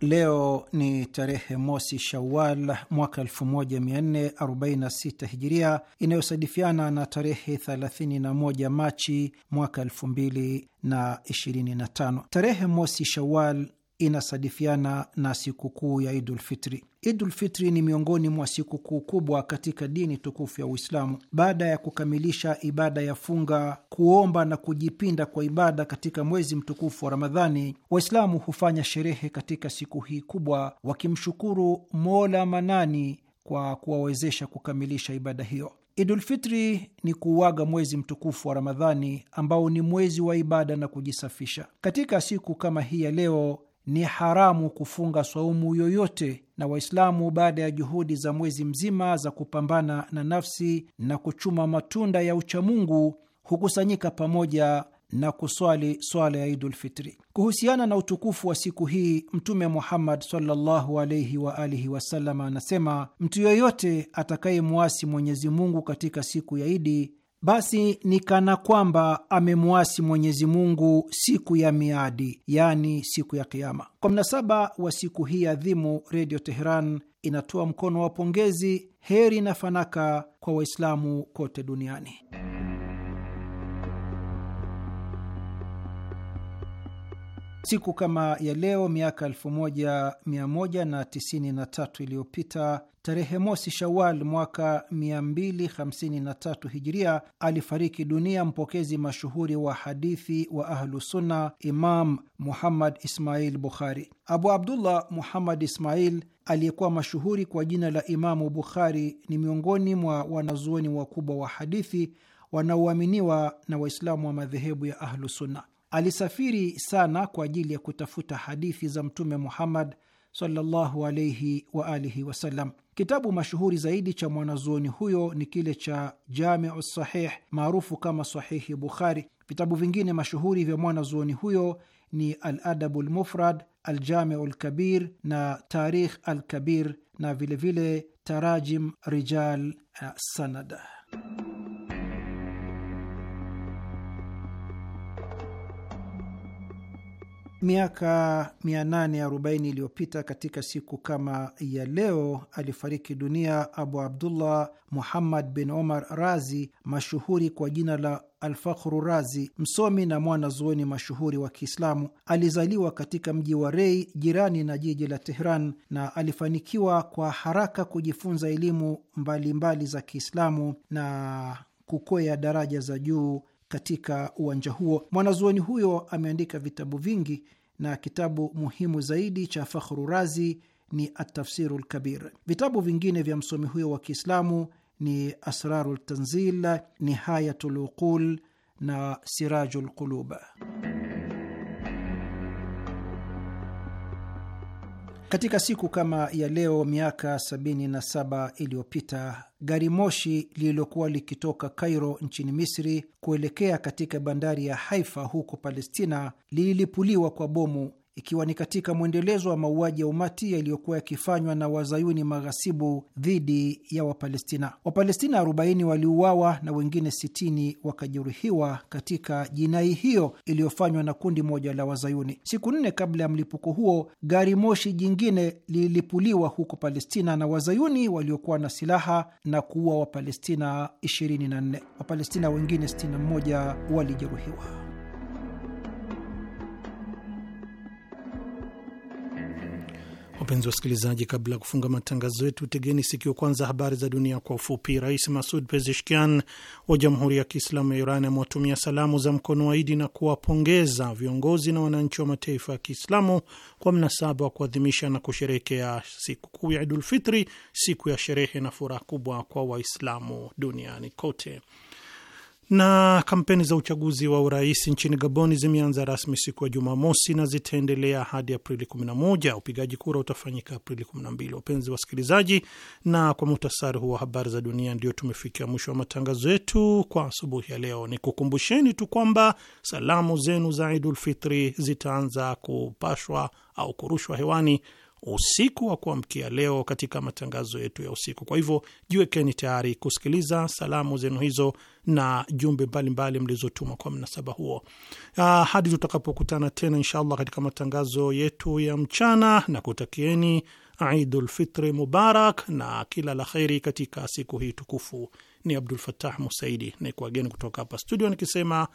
Leo ni tarehe mosi Shawal mwaka 1446 Hijiria, inayosadifiana na tarehe 31 Machi mwaka 2025. Tarehe mosi Shawal inasadifiana na sikukuu ya Idulfitri. Idulfitri ni miongoni mwa sikukuu kubwa katika dini tukufu ya Uislamu. Baada ya kukamilisha ibada ya funga, kuomba na kujipinda kwa ibada katika mwezi mtukufu wa Ramadhani, Waislamu hufanya sherehe katika siku hii kubwa, wakimshukuru Mola Manani kwa kuwawezesha kukamilisha ibada hiyo. Idulfitri ni kuuaga mwezi mtukufu wa Ramadhani ambao ni mwezi wa ibada na kujisafisha. Katika siku kama hii ya leo ni haramu kufunga swaumu yoyote, na Waislamu baada ya juhudi za mwezi mzima za kupambana na nafsi na kuchuma matunda ya uchamungu hukusanyika pamoja na kuswali swala ya Idul Fitri. Kuhusiana na utukufu wa siku hii, Mtume Muhammad sallallahu alaihi wa alihi wasallam anasema, mtu yoyote atakayemwasi Mwenyezi Mungu katika siku ya Idi basi ni kana kwamba amemwasi Mwenyezi Mungu siku ya miadi, yaani siku ya Kiama. Kwa mnasaba wa siku hii adhimu, Redio Teheran inatoa mkono wa pongezi, heri na fanaka kwa Waislamu kote duniani. Siku kama ya leo miaka 1193 iliyopita tarehe mosi Shawal mwaka 253 Hijiria alifariki dunia mpokezi mashuhuri wa hadithi wa Ahlusunna Imam Muhammad Ismail Bukhari. Abu Abdullah Muhammad Ismail aliyekuwa mashuhuri kwa jina la Imamu Bukhari ni miongoni mwa wanazuoni wakubwa wa hadithi wanaoaminiwa na Waislamu wa madhehebu ya Ahlusunna. Alisafiri sana kwa ajili ya kutafuta hadithi za Mtume Muhammad sallallahu alayhi wa alihi wasallam. Kitabu mashuhuri zaidi cha mwanazuoni huyo ni kile cha Jamiu Sahih maarufu kama Sahihi Bukhari. Vitabu vingine mashuhuri vya mwanazuoni huyo ni Aladabu Lmufrad, Aljamiu Lkabir na Tarikh Alkabir na vilevile vile Tarajim Rijal Sanada. miaka 840 iliyopita katika siku kama ya leo alifariki dunia Abu Abdullah Muhammad bin Omar Razi, mashuhuri kwa jina la Alfakhru Razi, msomi na mwanazuoni mashuhuri wa Kiislamu. Alizaliwa katika mji wa Rei, jirani na jiji la Tehran, na alifanikiwa kwa haraka kujifunza elimu mbalimbali za Kiislamu na kukwea daraja za juu katika uwanja huo. Mwanazuoni huyo ameandika vitabu vingi na kitabu muhimu zaidi cha Fakhru Razi ni Atafsiru Lkabir. Vitabu vingine vya msomi huyo wa Kiislamu ni Asraru Ltanzil, Nihayatu Luqul na Siraju Lqulub. Katika siku kama ya leo miaka 77 iliyopita gari moshi lililokuwa likitoka cairo nchini Misri kuelekea katika bandari ya Haifa huko Palestina lililipuliwa kwa bomu ikiwa ni katika mwendelezo wa mauaji ya umati yaliyokuwa yakifanywa na wazayuni maghasibu dhidi ya Wapalestina. Wapalestina 40 waliuawa na wengine 60 wakajeruhiwa katika jinai hiyo iliyofanywa na kundi moja la wazayuni. Siku nne kabla ya mlipuko huo, gari moshi jingine lilipuliwa huko Palestina na wazayuni waliokuwa na silaha na kuua Wapalestina 24. Wapalestina wengine 61 walijeruhiwa. Wapenzi wasikilizaji, kabla ya kufunga matangazo yetu, tegeni sikio kwanza habari za dunia kwa ufupi. Rais Masud Pezeshkian wa Jamhuri ya Kiislamu ya Iran amewatumia salamu za mkono wa Idi na kuwapongeza viongozi na wananchi wa mataifa ya Kiislamu kwa mnasaba wa kuadhimisha na kusherehekea sikukuu ya Idulfitri, siku ya sherehe na furaha kubwa kwa Waislamu duniani kote. Na kampeni za uchaguzi wa urais nchini Gaboni zimeanza rasmi siku ya Jumamosi na zitaendelea hadi Aprili 11. Upigaji kura utafanyika Aprili 12. Wapenzi wasikilizaji, na kwa muhtasari huu wa habari za dunia, ndio tumefikia mwisho wa matangazo yetu kwa asubuhi ya leo. Ni kukumbusheni tu kwamba salamu zenu za Idulfitri zitaanza kupashwa au kurushwa hewani usiku wa kuamkia leo katika matangazo yetu ya usiku. Kwa hivyo jiwekeni tayari kusikiliza salamu zenu hizo na jumbe mbalimbali mlizotuma kwa mnasaba huo. Uh, hadi tutakapokutana tena inshallah katika matangazo yetu ya mchana, na kutakieni Idul Fitri Mubarak na kila la kheri katika siku hii tukufu. Ni Abdul fatah Musaidi naikuageni kutoka hapa studio nikisema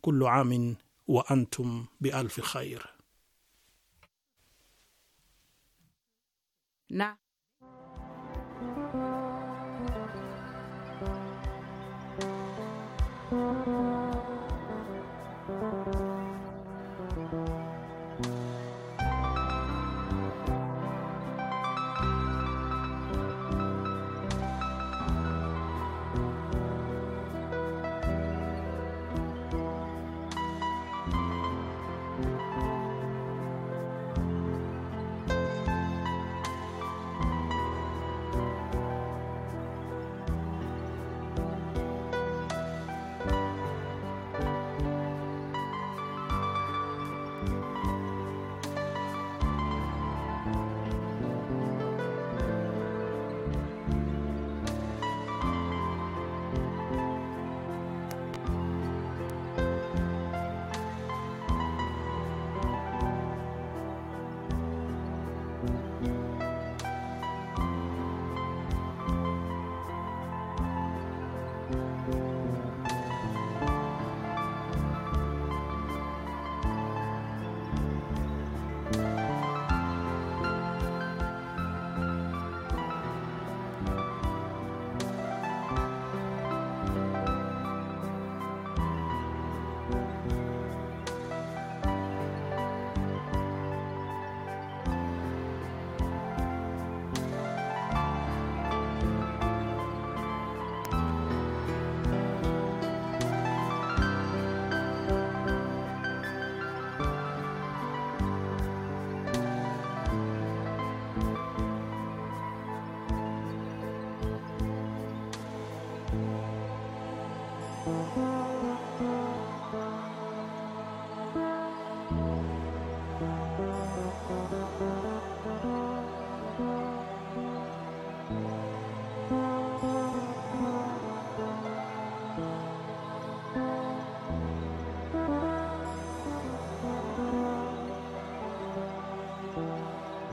kullu amin wa antum bialfi khair. na